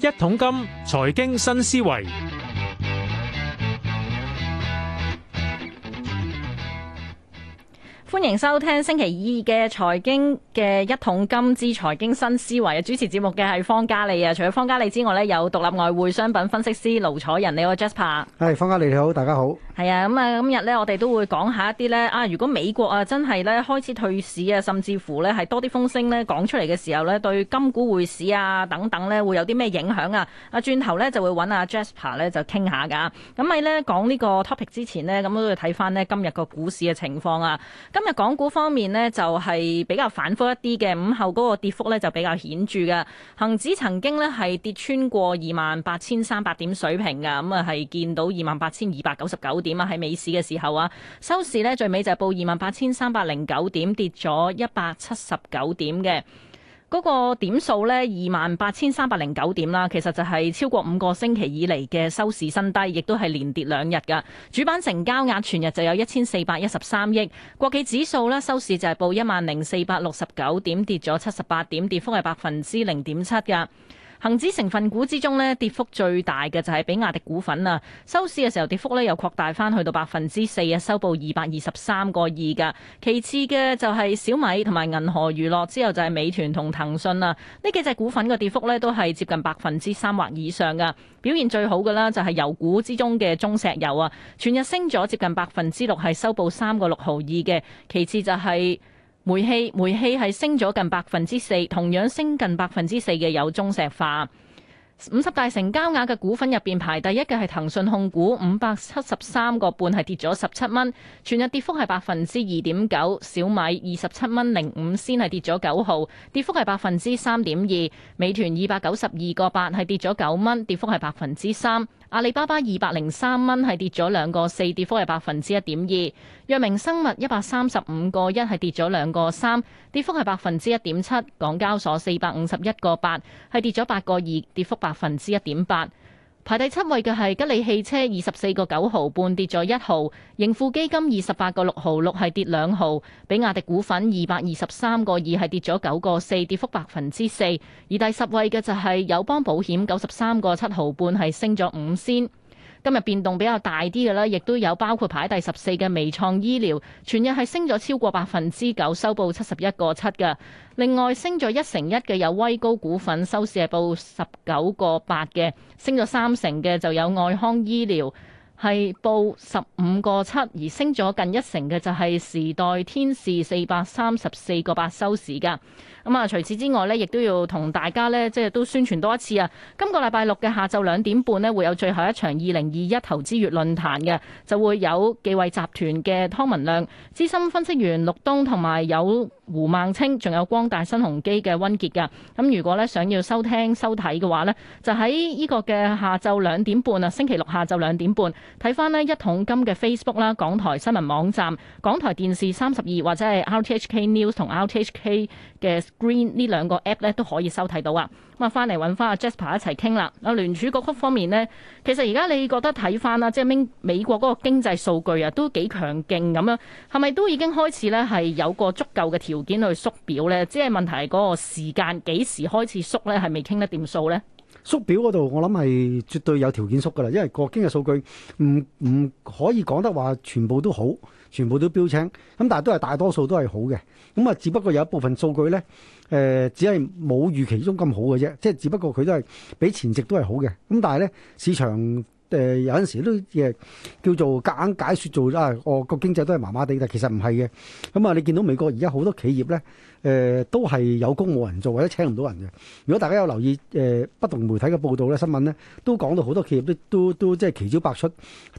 一桶金財經新思維，歡迎收聽星期二嘅財經嘅一桶金之財經新思維嘅主持節目嘅係方嘉利。啊。除咗方嘉利之外咧，有獨立外匯商品分析師盧楚仁。你好，Jasper。係 Jas 方嘉利，你好，大家好。係啊，咁啊，今日咧我哋都會講下一啲咧啊，如果美國啊真係咧開始退市啊，甚至乎咧係多啲風聲咧講出嚟嘅時候咧，對金股匯市啊等等咧會有啲咩影響啊？啊，轉頭咧就會揾阿 Jasper 咧就傾下噶。咁喺咧講呢個 topic 之前呢，咁都要睇翻咧今日個股市嘅情況啊。今日港股方面呢，就係比較反覆一啲嘅，午後嗰個跌幅咧就比較顯著嘅。恒指曾經呢，係跌穿過二萬八千三百點水平嘅，咁啊係見到二萬八千二百九十九點啊？喺美市嘅時候啊，收市呢，最尾就係報二萬八千三百零九點，跌咗一百七十九點嘅。嗰、那個點數呢，二萬八千三百零九點啦，其實就係超過五個星期以嚟嘅收市新低，亦都係連跌兩日噶。主板成交額全日就有一千四百一十三億。國企指數呢，收市就係報一萬零四百六十九點，跌咗七十八點，跌幅係百分之零點七噶。恒指成分股之中咧，跌幅最大嘅就係比亞迪股份啊，收市嘅時候跌幅咧又擴大翻，去到百分之四啊，收報二百二十三個二嘅。其次嘅就係小米同埋銀河娛樂，之後就係美團同騰訊啊，呢幾隻股份嘅跌幅咧都係接近百分之三或以上嘅。表現最好嘅啦就係油股之中嘅中石油啊，全日升咗接近百分之六，係收報三個六毫二嘅。其次就係、是。煤氣，煤氣係升咗近百分之四，同樣升近百分之四嘅有中石化。五十大成交額嘅股份入面排第一嘅係騰訊控股五百七十三個半，係跌咗十七蚊，全日跌幅係百分之二點九。小米二十七蚊零五先係跌咗九毫，跌幅係百分之三點二。美團二百九十二個八係跌咗九蚊，跌幅係百分之三。阿里巴巴二百零三蚊係跌咗兩個四，跌幅係百分之一點二。藥明生物一百三十五個一係跌咗兩個三，跌幅係百分之一點七。港交所四百五十一個八係跌咗八個二，跌幅百分之一點八。排第七位嘅係吉利汽車，二十四個九毫半，跌咗一毫；盈富基金二十八個六毫六係跌兩毫；比亞迪股份二百二十三個二係跌咗九個四，跌幅百分之四。而第十位嘅就係友邦保險九十三個七毫半係升咗五仙。今日變動比較大啲嘅啦，亦都有包括排第十四嘅微創醫療，全日係升咗超過百分之九，收報七十一個七嘅。另外升咗一成一嘅有威高股份，收市係報十九個八嘅，升咗三成嘅就有愛康醫療。係報十五個七，而升咗近一成嘅就係時代天使四百三十四個八收市噶。咁啊，除此之外呢，亦都要同大家呢，即係都宣傳多一次啊。今個禮拜六嘅下晝兩點半呢，會有最後一場二零二一投資月論壇嘅，就會有紀惠集團嘅湯文亮、資深分析員陸東同埋有，有胡孟青，仲有光大新鴻基嘅溫傑噶。咁、嗯、如果呢，想要收聽收睇嘅話呢，就喺呢個嘅下晝兩點半啊，星期六下晝兩點半。睇翻呢一桶金嘅 Facebook 啦，港台新聞網站、港台電視三十二或者係 RTHK News 同 RTHK 嘅 Screen 呢兩個 App 咧都可以收睇到啊。咁啊，翻嚟揾翻阿 Jasper 一齊傾啦。啊，聯儲局方面呢，其實而家你覺得睇翻啦，即係美美國嗰個經濟數據啊，都幾強勁咁樣，係咪都已經開始咧係有個足夠嘅條件去縮表呢？即係問題係嗰個時間幾時開始縮呢？係未傾得掂數呢？縮表嗰度，我諗係絕對有條件縮㗎喇，因為個經濟數據唔唔可以講得話全部都好，全部都標青，咁、嗯、但係都係大多數都係好嘅。咁、嗯、啊，只不過有一部分數據呢，誒、呃、只係冇預期中咁好嘅啫，即係只不過佢都係比前值都係好嘅。咁、嗯、但係呢市場誒、呃、有陣時都誒叫做夾硬解説做啊，我、哎哦、個經濟都係麻麻地，但其實唔係嘅。咁、嗯、啊，你見到美國而家好多企業呢。誒、呃、都係有工冇人做，或者請唔到人嘅。如果大家有留意誒、呃、不同媒體嘅報道咧，新聞咧都講到好多企業都都都即係奇招百出，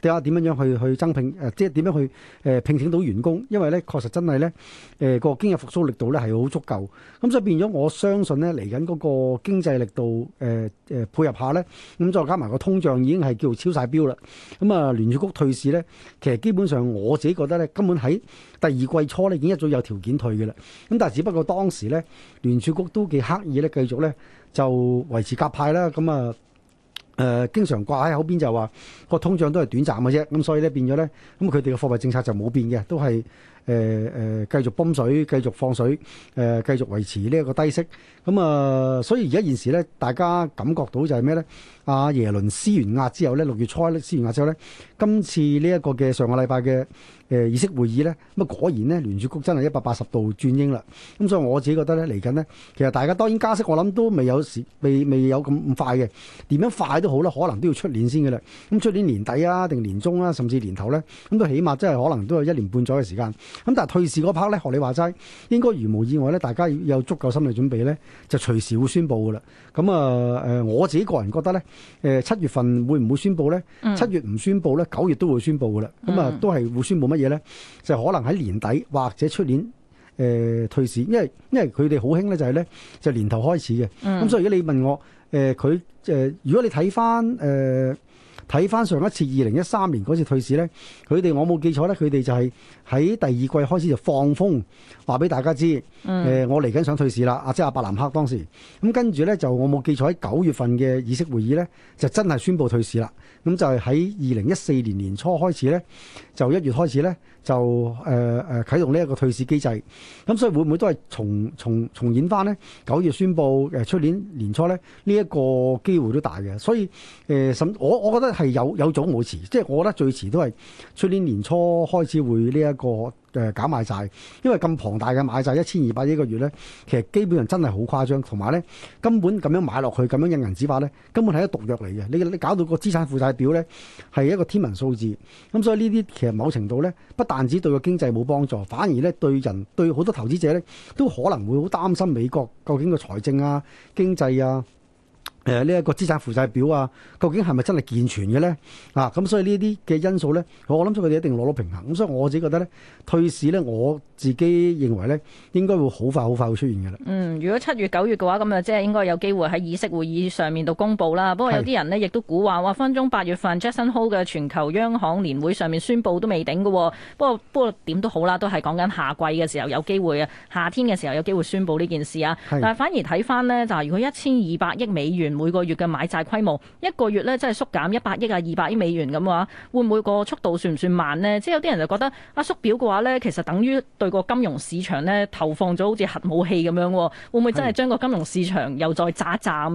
睇下點樣怎樣去去增聘誒，即係點樣去誒、呃、聘請到員工。因為咧確實真係咧誒個經濟復甦力度咧係好足夠。咁、嗯、所以變咗我相信咧嚟緊嗰個經濟力度誒誒、呃呃、配合下咧，咁、嗯、再加埋個通脹已經係叫做超晒標啦。咁、嗯嗯、啊聯儲局退市咧，其實基本上我自己覺得咧，根本喺第二季初咧已，已經一早有條件退嘅啦。咁但係只不過。個當時咧，聯儲局都幾刻意咧，繼續咧就維持鴿派啦。咁啊，誒、呃、經常掛喺口邊就話個通脹都係短暫嘅啫。咁所以咧變咗咧，咁佢哋嘅貨幣政策就冇變嘅，都係誒誒繼續泵水、繼續放水、誒、呃、繼續維持呢一個低息。咁啊，所以而家現時咧，大家感覺到就係咩咧？阿、啊、耶倫施完壓之後咧，六月初咧施完壓之後咧，今次呢、這、一個嘅上個禮拜嘅。誒議息會議咧，咁啊果然咧，聯儲局真係一百八十度轉鷹啦。咁、嗯、所以我自己覺得咧，嚟緊呢，其實大家當然加息，我諗都未有時，未未有咁快嘅。點樣快都好啦，可能都要出年先嘅啦。咁出年年底啊，定年中啊，甚至年頭咧，咁、嗯、都起碼真係可能都有一年半左右嘅時間。咁、嗯、但係退市嗰 part 咧，學你話齋，應該如無意外咧，大家有足夠心理準備咧，就隨時會宣布嘅啦。咁啊誒，我自己個人覺得咧，誒、呃、七月份會唔會宣布咧？七月唔宣布咧，九月都會宣布嘅啦。咁、嗯、啊、嗯嗯嗯，都係會宣布咩？嗯嘢咧就可能喺年底或者出年誒、呃、退市，因為因為佢哋好興咧就係咧就是、年頭開始嘅，咁、嗯、所以如果你問我誒佢誒，如果你睇翻誒。呃睇翻上一次二零一三年嗰次退市咧，佢哋我冇記錯咧，佢哋就係喺第二季開始就放風話俾大家知，誒、嗯呃、我嚟緊想退市啦，阿即係阿伯南克當時。咁、嗯、跟住咧就我冇記錯喺九月份嘅議息會議咧，就真係宣布退市啦。咁、嗯、就係喺二零一四年年初開始咧，就一月開始咧就誒誒、呃、啟動呢一個退市機制。咁、嗯、所以會唔會都係重重重、重演翻咧？九月宣布誒出、呃、年年初咧呢一、個機會都大嘅。所以誒審、呃、我我覺得。係有有早冇遲，即係我覺得最遲都係去年年初開始會呢、呃、一個嘅減買債，因為咁龐大嘅買債一千二百億個月呢，其實基本上真係好誇張，同埋呢，根本咁樣買落去咁樣印銀紙法呢，根本係一毒藥嚟嘅。你你搞到個資產負債表呢，係一個天文數字，咁所以呢啲其實某程度呢，不但止對個經濟冇幫助，反而呢對人對好多投資者呢，都可能會好擔心美國究竟個財政啊、經濟啊。誒呢一個資產負債表啊，究竟係咪真係健全嘅咧？啊，咁所以呢啲嘅因素咧，我我諗咗佢哋一定攞到平衡。咁所以我自己覺得咧，退市咧，我自己認為咧，應該會好快好快會出現嘅啦。嗯，如果七月九月嘅話，咁啊即係應該有機會喺議息會議上面度公布啦。不過有啲人呢，亦都估話，話分鐘八月份 Jackson Hole 嘅全球央行年會上面宣佈都未頂嘅。不過不過點都好啦，都係講緊夏季嘅時候有機會啊，夏天嘅時候有機會宣佈呢件事啊。是但係反而睇翻呢，就係如果一千二百億美元。每個月嘅買債規模，一個月咧真係縮減一百億啊、二百億美元咁話，會唔會個速度算唔算慢呢？即係有啲人就覺得，阿縮表嘅話呢，其實等於對個金融市場呢，投放咗好似核武器咁樣，會唔會真係將個金融市場又再炸一炸？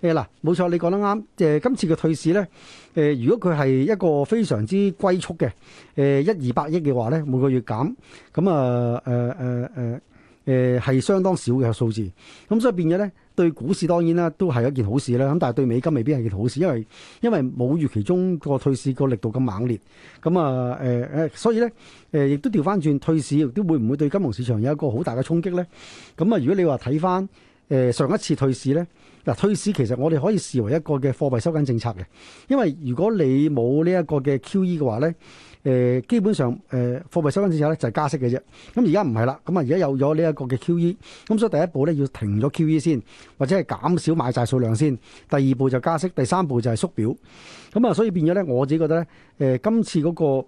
誒嗱，冇錯，你講得啱。誒，今次嘅退市呢，誒、呃，如果佢係一個非常之龜速嘅，誒、呃，一二百億嘅話呢，每個月減，咁啊，誒誒誒誒，係、呃呃呃呃、相當少嘅數字。咁所以變咗呢。對股市當然啦，都係一件好事啦。咁但係對美金未必係件好事，因為因為冇預期中個退市個力度咁猛烈。咁啊，誒、呃、誒，所以咧，誒亦都調翻轉退市，亦都，都會唔會對金融市場有一個好大嘅衝擊咧？咁啊，如果你話睇翻。誒、呃、上一次退市咧，嗱退市其實我哋可以視為一個嘅貨幣收緊政策嘅，因為如果你冇、e、呢一個嘅 QE 嘅話咧，誒、呃、基本上誒、呃、貨幣收緊政策咧就係加息嘅啫。咁而家唔係啦，咁啊而家有咗呢一個嘅 QE，咁所以第一步咧要停咗 QE 先，或者係減少買債數量先。第二步就加息，第三步就係縮表。咁啊，所以變咗咧，我自己覺得咧，誒、呃、今次嗰、那個。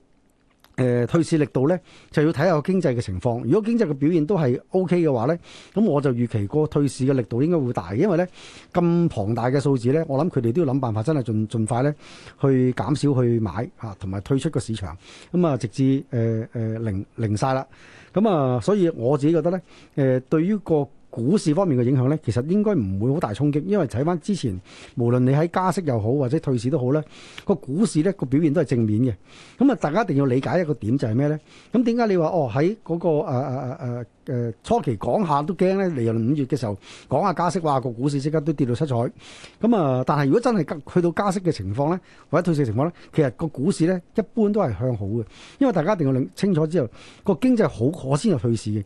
誒、呃、退市力度呢，就要睇下經濟嘅情況。如果經濟嘅表現都係 OK 嘅話呢，咁我就預期個退市嘅力度應該會大，因為呢，咁龐大嘅數字呢，我諗佢哋都要諗辦法真盡，真係盡盡快呢去減少去買吓，同、啊、埋退出個市場。咁啊，直至誒誒、呃呃、零零晒啦。咁啊，所以我自己覺得呢，誒、呃、對於個。股市方面嘅影響咧，其實應該唔會好大衝擊，因為睇返之前，無論你喺加息又好，或者退市都好咧，個股市咧，個表現都係正面嘅。咁啊，大家一定要理解一個點就係咩咧？咁點解你話哦喺嗰個誒誒誒誒誒、呃、初期講下都驚咧，嚟到五月嘅時候講下加息，話個股市即刻都跌到七彩。咁、嗯、啊，但係如果真係去到加息嘅情況咧，或者退市嘅情況咧，其實個股市咧一般都係向好嘅，因為大家一定要清楚知道個經濟好，可先有退市嘅。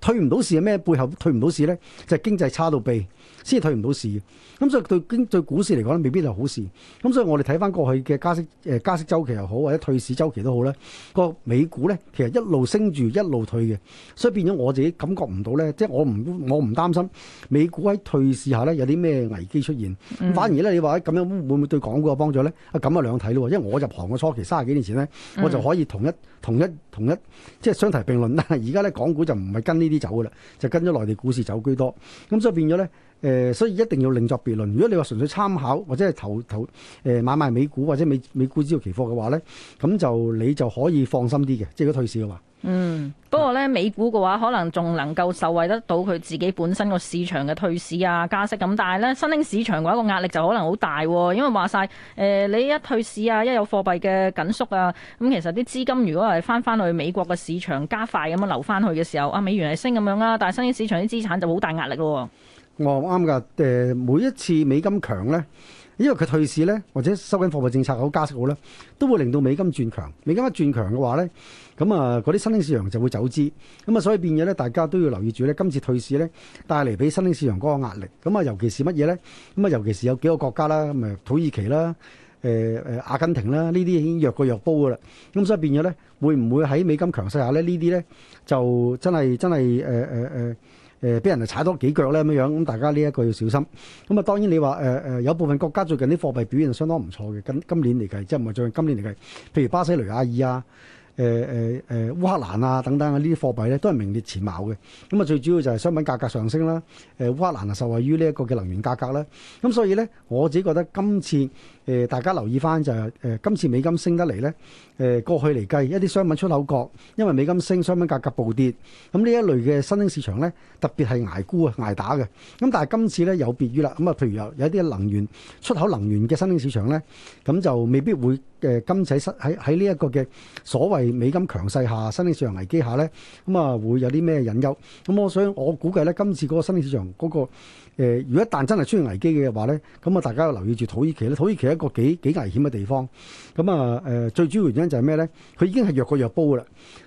退唔到市係咩？背後退唔到市咧，就係、經濟差到避先係退唔到市嘅。咁、嗯、所以對經對,對股市嚟講未必係好事。咁、嗯、所以我哋睇翻過去嘅加息誒、呃、加息週期又好，或者退市週期都好咧，個美股咧其實一路升住一路退嘅，所以變咗我。我自己感覺唔到咧，即係我唔我唔擔心美股喺退市下咧有啲咩危機出現，嗯、反而咧你話咁樣會唔會對港股有幫助咧？啊，咁啊兩睇咯，因為我入行嘅初期卅幾年前咧，嗯、我就可以同一同一同一即係相提並論啦。但係而家咧港股就唔係跟呢啲走噶啦，就跟咗內地股市走居多。咁所以變咗咧，誒、呃，所以一定要另作別論。如果你話純粹參考或者係投投誒、呃、買賣美股或者美美股指數期貨嘅話咧，咁就你就可以放心啲嘅，即係如果退市嘅話。嗯，不過咧，美股嘅話可能仲能夠受惠得到佢自己本身個市場嘅退市啊，加息咁，但係咧新興市場嘅一個壓力就可能好大，啊，因為話晒誒，你一退市啊，一有貨幣嘅緊縮啊，咁、嗯、其實啲資金如果係翻翻去美國嘅市場加快咁樣流翻去嘅時候，啊美元係升咁樣啦、啊，但係新興市場啲資產就好大壓力咯、啊。我啱㗎，誒、呃，每一次美金強咧。因為佢退市咧，或者收緊貨幣政策好加息好咧，都會令到美金轉強。美金一轉強嘅話咧，咁啊嗰啲新興市場就會走資。咁啊所以變咗咧，大家都要留意住咧，今次退市咧帶嚟俾新興市場嗰個壓力。咁啊尤其是乜嘢咧？咁啊尤其是有幾個國家啦，咁啊土耳其啦，誒、呃、誒、呃、阿根廷啦，呢啲已經弱過弱煲噶啦。咁所以變咗咧，會唔會喺美金強勢下咧？呢啲咧就真係真係誒誒誒。誒，俾人嚟踩多幾腳咧，咁樣，咁大家呢一個要小心。咁啊，當然你話誒誒，有部分國家最近啲貨幣表現相當唔錯嘅，今今年嚟計，即係唔係最近今年嚟計，譬如巴西雷亞爾啊，誒誒誒烏克蘭啊等等啊，呢啲貨幣咧都係名列前茅嘅。咁啊，最主要就係商品價格上升啦，誒、呃、烏克蘭啊受惠於呢一個嘅能源價格啦。咁所以咧，我自己覺得今次。誒大家留意翻就係誒今次美金升得嚟咧，誒過去嚟計一啲商品出口國，因為美金升，商品價格暴跌，咁呢一類嘅新興市場咧，特別係捱沽啊、捱打嘅。咁但係今次咧有別於啦，咁啊譬如有有啲能源出口能源嘅新興市場咧，咁就未必會誒今次失喺喺呢一個嘅所謂美金強勢下新興市場危機下咧，咁啊會有啲咩隱憂？咁我所以我估計咧今次嗰個新興市場嗰個。誒，如果一旦真係出現危機嘅話咧，咁啊，大家要留意住土耳其咧。土耳其係一個幾幾危險嘅地方，咁啊，誒、呃、最主要原因就係咩咧？佢已經係弱過藥煲啦。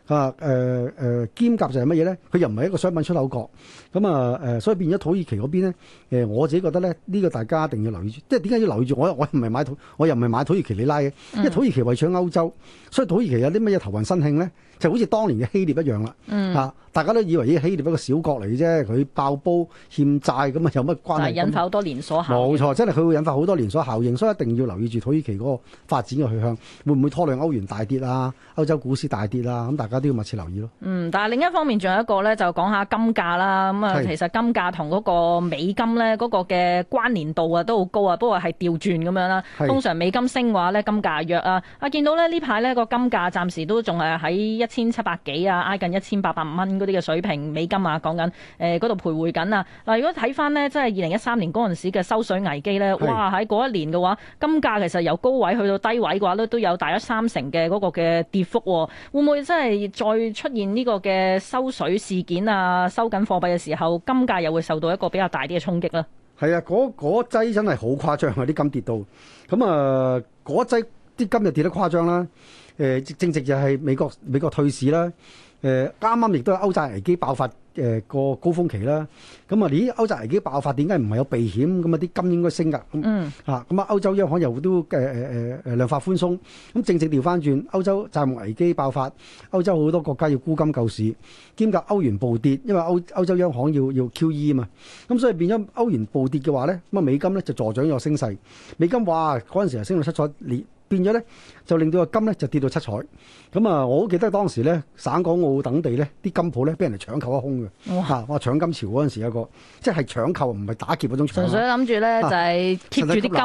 啊，誒、啊、誒兼夾就係乜嘢咧？佢又唔係一個商品出口國，咁啊誒、啊，所以變咗土耳其嗰邊咧，誒、啊、我自己覺得咧，呢、這個大家一定要留意住。即係點解要留意住？我我唔係買土，我又唔係買土耳其里拉嘅，因為土耳其圍搶歐洲，所以土耳其有啲乜嘢頭暈身慶咧？就好似當年嘅希臘一樣啦，嚇、嗯啊、大家都以為咦希臘一個小國嚟啫，佢爆煲欠債咁啊，有乜關係？引發好多連鎖效應。冇錯，真係佢會引發好多連鎖效應，所以一定要留意住土耳其嗰個發展嘅去向，會唔會拖累歐元大跌啊？歐洲股市大跌啊？咁大家。都要密切留意咯。嗯，但係另一方面，仲有一個咧，就講下金價啦。咁、嗯、啊，是其實金價同嗰個美金咧，嗰個嘅關連度啊，都好高啊。不過係調轉咁樣啦。是通常美金升嘅話咧，金價弱啊。啊，見到咧呢排呢個金價暫時都仲係喺一千七百幾啊，挨近一千八百五蚊嗰啲嘅水平。美金啊，講緊誒嗰度徘徊緊啊。嗱，如果睇翻呢，即係二零一三年嗰陣時嘅收水危機咧，是哇！喺嗰一年嘅話，金價其實由高位去到低位嘅話咧，都有大約三成嘅嗰個嘅跌幅喎、啊。會唔會真係？再出現呢個嘅收水事件啊，收緊貨幣嘅時候，金價又會受到一個比較大啲嘅衝擊啦。係啊，嗰嗰劑真係好誇張啊！啲金跌到，咁啊嗰劑啲金又跌得誇張啦、啊。誒、呃，正值就係美國美國退市啦、啊。誒、呃，啱啱亦都有歐債危機爆發。誒個、呃、高峰期啦，咁啊，咦？歐債危機爆發，點解唔係有避險咁啊？啲金應該升噶嚇，咁、嗯、啊，歐洲央行又都誒誒誒量化寬鬆，咁正正調翻轉歐洲債務危機爆發，歐洲好多國家要沽金救市，兼夾歐元暴跌，因為歐歐洲央行要要 Q E 啊嘛，咁所以變咗歐元暴跌嘅話咧，咁啊美金咧就助長咗升勢，美金哇嗰陣時係升到七彩列。變咗咧，就令到個金咧就跌到七彩。咁、嗯、啊，我好記得當時咧，省港澳等地咧啲金鋪咧，俾人哋搶購一空嘅。哇！嚇、啊，搶金潮嗰陣時有個，即係搶購唔係打劫嗰種。純粹諗住咧，就係 keep 住啲金，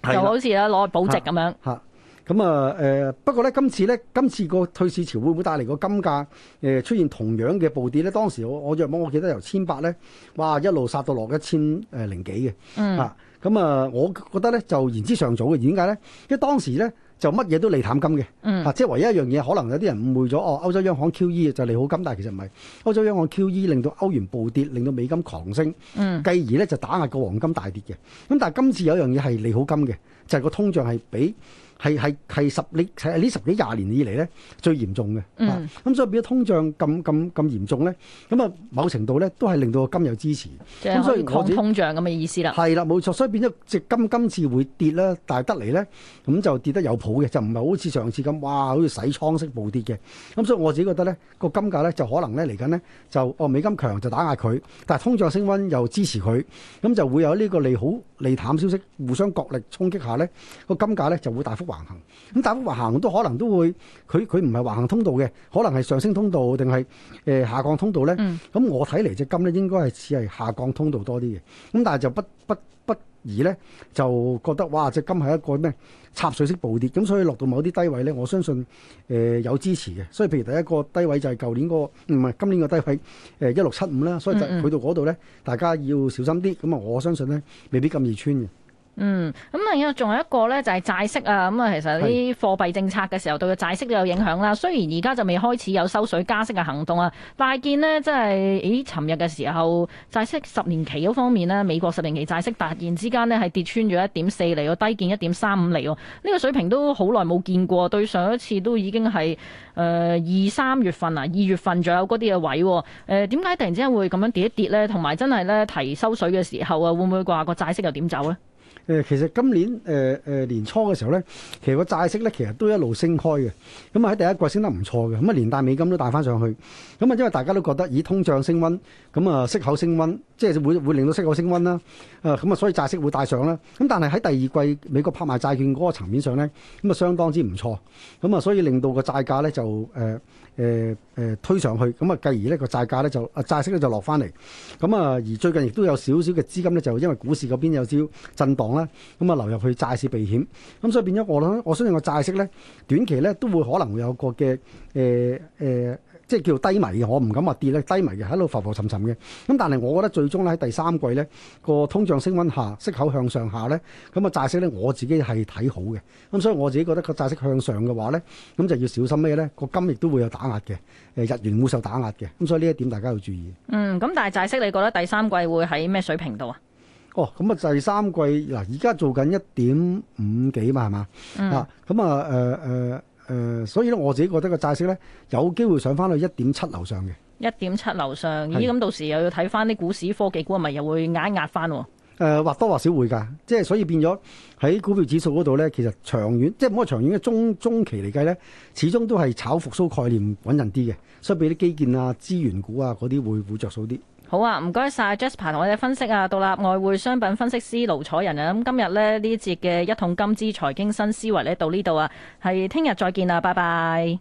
啊、就好似攞去保值咁樣。嚇！咁啊，誒、啊啊啊、不過咧、呃，今次咧，今次個退市潮會唔會帶嚟個金價誒、呃、出現同樣嘅暴跌咧？當時我我若果我記得由千八咧，哇一路殺到落一千誒零幾嘅。嗯。啊！啊嗯啊啊咁啊，我覺得咧就言之尚早嘅，點解咧？因為當時咧就乜嘢都利淡金嘅，嗯、啊，即係唯一一樣嘢可能有啲人誤會咗哦，歐洲央行 QE 就利好金，但係其實唔係。歐洲央行 QE 令到歐元暴跌，令到美金狂升，繼而咧就打壓個黃金大跌嘅。咁但係今次有樣嘢係利好金嘅，就係、是、個通脹係比。係係係十呢？係呢十幾廿年以嚟咧最嚴重嘅。嗯。咁所以變咗通脹咁咁咁嚴重咧，咁啊某程度咧都係令到個金有支持。咁即係抗通脹咁嘅意思啦。係啦，冇錯。所以變咗隻金今次會跌啦，但係得嚟咧咁就跌得有譜嘅，就唔係好似上次咁哇，好似洗倉式暴跌嘅。咁所以我自己覺得咧個金價咧就可能咧嚟緊咧就哦美金強就打壓佢，但係通脹升溫又支持佢，咁就會有呢個利好利淡消息互相角力衝擊下咧個金價咧就會大幅橫行咁，但係橫行都可能都會，佢佢唔係橫行通道嘅，可能係上升通道定係誒下降通道咧？咁、嗯、我睇嚟隻金咧，應該係似係下降通道多啲嘅。咁但係就不不不宜咧，就覺得哇，隻金係一個咩插水式暴跌，咁所以落到某啲低位咧，我相信誒、呃、有支持嘅。所以譬如第一個低位就係舊年嗰、嗰個，唔、嗯、係今年個低位誒一六七五啦，所以就去到嗰度咧，大家要小心啲。咁啊，我相信咧，未必咁易穿嘅。嗯，咁另外仲有一個呢，就係債息啊。咁啊，其實啲貨幣政策嘅時候對個債息都有影響啦。是雖然而家就未開始有收水加息嘅行動啊，但係見呢，真係咦？尋日嘅時候債息十年期嗰方面呢，美國十年期債息突然之間呢係跌穿咗一點四厘，個低見一點三五厘喎。呢、呢個水平都好耐冇見過，對上一次都已經係誒二三月份啊，二月份左右嗰啲嘅位誒。點、呃、解突然之間會咁樣跌一跌呢？同埋真係呢，提收水嘅時候啊，會唔會話個債息又點走呢？誒其實今年誒誒、呃、年初嘅時候咧，其實個債息咧其實都一路升開嘅，咁啊喺第一季升得唔錯嘅，咁啊連帶美金都帶翻上去，咁啊因為大家都覺得以通脹升溫，咁啊息口升溫，即係會會令到息口升溫啦，誒咁啊所以債息會帶上啦，咁但係喺第二季美國拍賣債券嗰個層面上咧，咁啊相當之唔錯，咁啊所以令到個債價咧就誒。呃誒誒、呃呃、推上去咁啊、嗯，繼而呢個債價呢，就啊債息呢，就落翻嚟咁啊，而最近亦都有少少嘅資金呢，就因為股市嗰邊有少震盪啦，咁、嗯、啊流入去債市避險，咁、嗯、所以變咗我諗，我相信個債息呢，短期呢，都會可能會有個嘅誒誒。呃呃即係叫低迷嘅，我唔敢話跌咧，低迷嘅喺度浮浮沉沉嘅。咁但係我覺得最終咧喺第三季咧個通脹升溫下，息口向上下咧，咁啊債息咧我自己係睇好嘅。咁所以我自己覺得個債息向上嘅話咧，咁就要小心咩咧？個金亦都會有打壓嘅，誒日元會受打壓嘅。咁所以呢一點大家要注意。嗯，咁但係債息你覺得第三季會喺咩水平度啊？哦，咁啊第三季嗱而家做緊一點五幾嘛係嘛？嗯、啊，咁啊誒誒。呃呃所以咧，我自己覺得個債息咧有機會上翻去一點七樓上嘅。一點七樓上，咦？咁是到時又要睇翻啲股市科技股，係咪又會壓壓翻喎？誒，或多或少會㗎。即係所以變咗喺股票指數嗰度咧，其實長遠即係唔可以長遠嘅中中期嚟計咧，始終都係炒復甦概念穩陣啲嘅。所以俾啲基建啊、資源股啊嗰啲會會着數啲。好啊，唔該晒 Jasper 同我哋分析啊，獨立外匯商品分析師盧楚仁啊，咁、嗯、今日咧呢節嘅一桶金之財經新思維咧到呢度啊，係聽日再見啦，拜拜。